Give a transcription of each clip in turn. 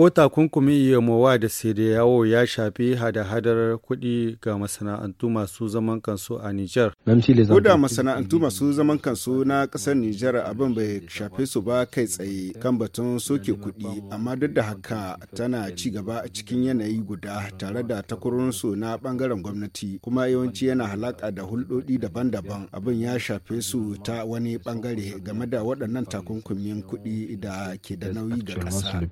ko takunkumin mowa da yawo ya shafi hada-hadar kuɗi ga masana'antu masu zaman kansu a Nijar. Ko da masana'antu masu zaman kansu na ƙasar Nijar abin bai shafe su ba kai tsaye kan batun soke kuɗi, amma duk da haka tana ci gaba a cikin yanayi guda tare da takurunsu na ɓangaren gwamnati, kuma yawanci yana halaka da hulɗoɗi daban-daban abin ya shafe su ta wani bangare game da waɗannan takunkumin kuɗi da ke da nauyi ga ƙasa.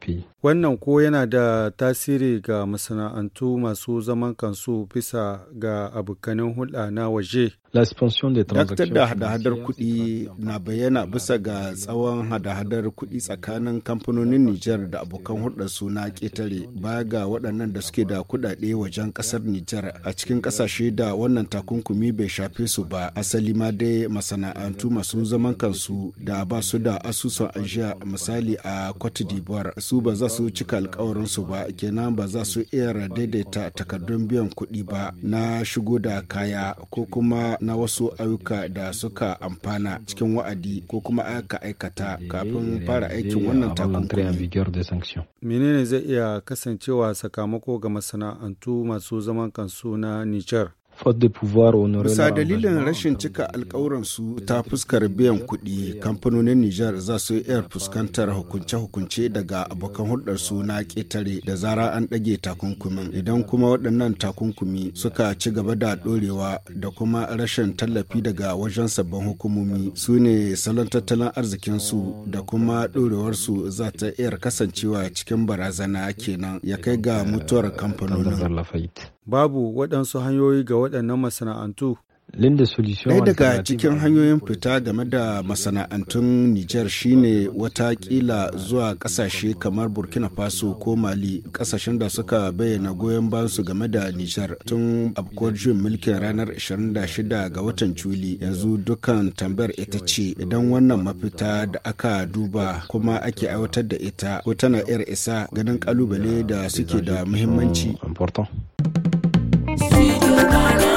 Wannan ko yana da tasiri ga masana'antu masu zaman kansu bisa ga abokanin hulɗa na waje? Daktar da hada-hadar kuɗi na bayyana bisa ga tsawon hada-hadar kuɗi tsakanin kamfanonin Nijar da abokan su na ƙetare ba ga waɗannan da suke da kuɗaɗe wajen ƙasar Nijar a cikin ƙasashe da wannan takunkumi bai shafe su ba asali ma dai masana'antu masu zaman kansu da ba su da asusun ajiya misali a Cote d'Ivoire su ba za su cika su ba kenan ba za su iya daidaita takardun biyan kuɗi ba na shigo da kaya ko kuma na wasu ayyuka da suka amfana cikin wa'adi ko kuma aka aikata kafin fara aikin wannan takunkuni. Menene zai iya kasancewa sakamako ga masana'antu masu zaman kansu na Nijar? Bisa dalilin rashin cika alkawuransu ta fuskar biyan kuɗi, kamfanonin Nijar za su iya fuskantar hukunce-hukunce daga abokan hulɗarsu na ƙetare da zara an ɗage takunkumin. Idan kuma waɗannan takunkumi suka ci gaba da ɗorewa da kuma rashin tallafi daga wajen sabbin hukumomi su ne salon tattalin arzikinsu da kuma ɗorewarsu za ta iya kasancewa cikin barazana kenan ya kai ga mutuwar kamfanonin. babu waɗansu hanyoyi ga waɗannan masana'antu Ɗaya daga cikin hanyoyin fita game da masana'antun Nijar shine wata ƙila zuwa ƙasashe kamar Burkina Faso ko Mali ƙasashen da suka bayyana goyon bansu game da Nijar tun afkuwar juyin mulkin ranar 26 ga watan Juli yanzu dukkan tambayar ita ce idan wannan mafita da aka duba kuma ake aiwatar da ita ko tana 'yar isa ganin ƙalubale da suke da muhimmanci. you, my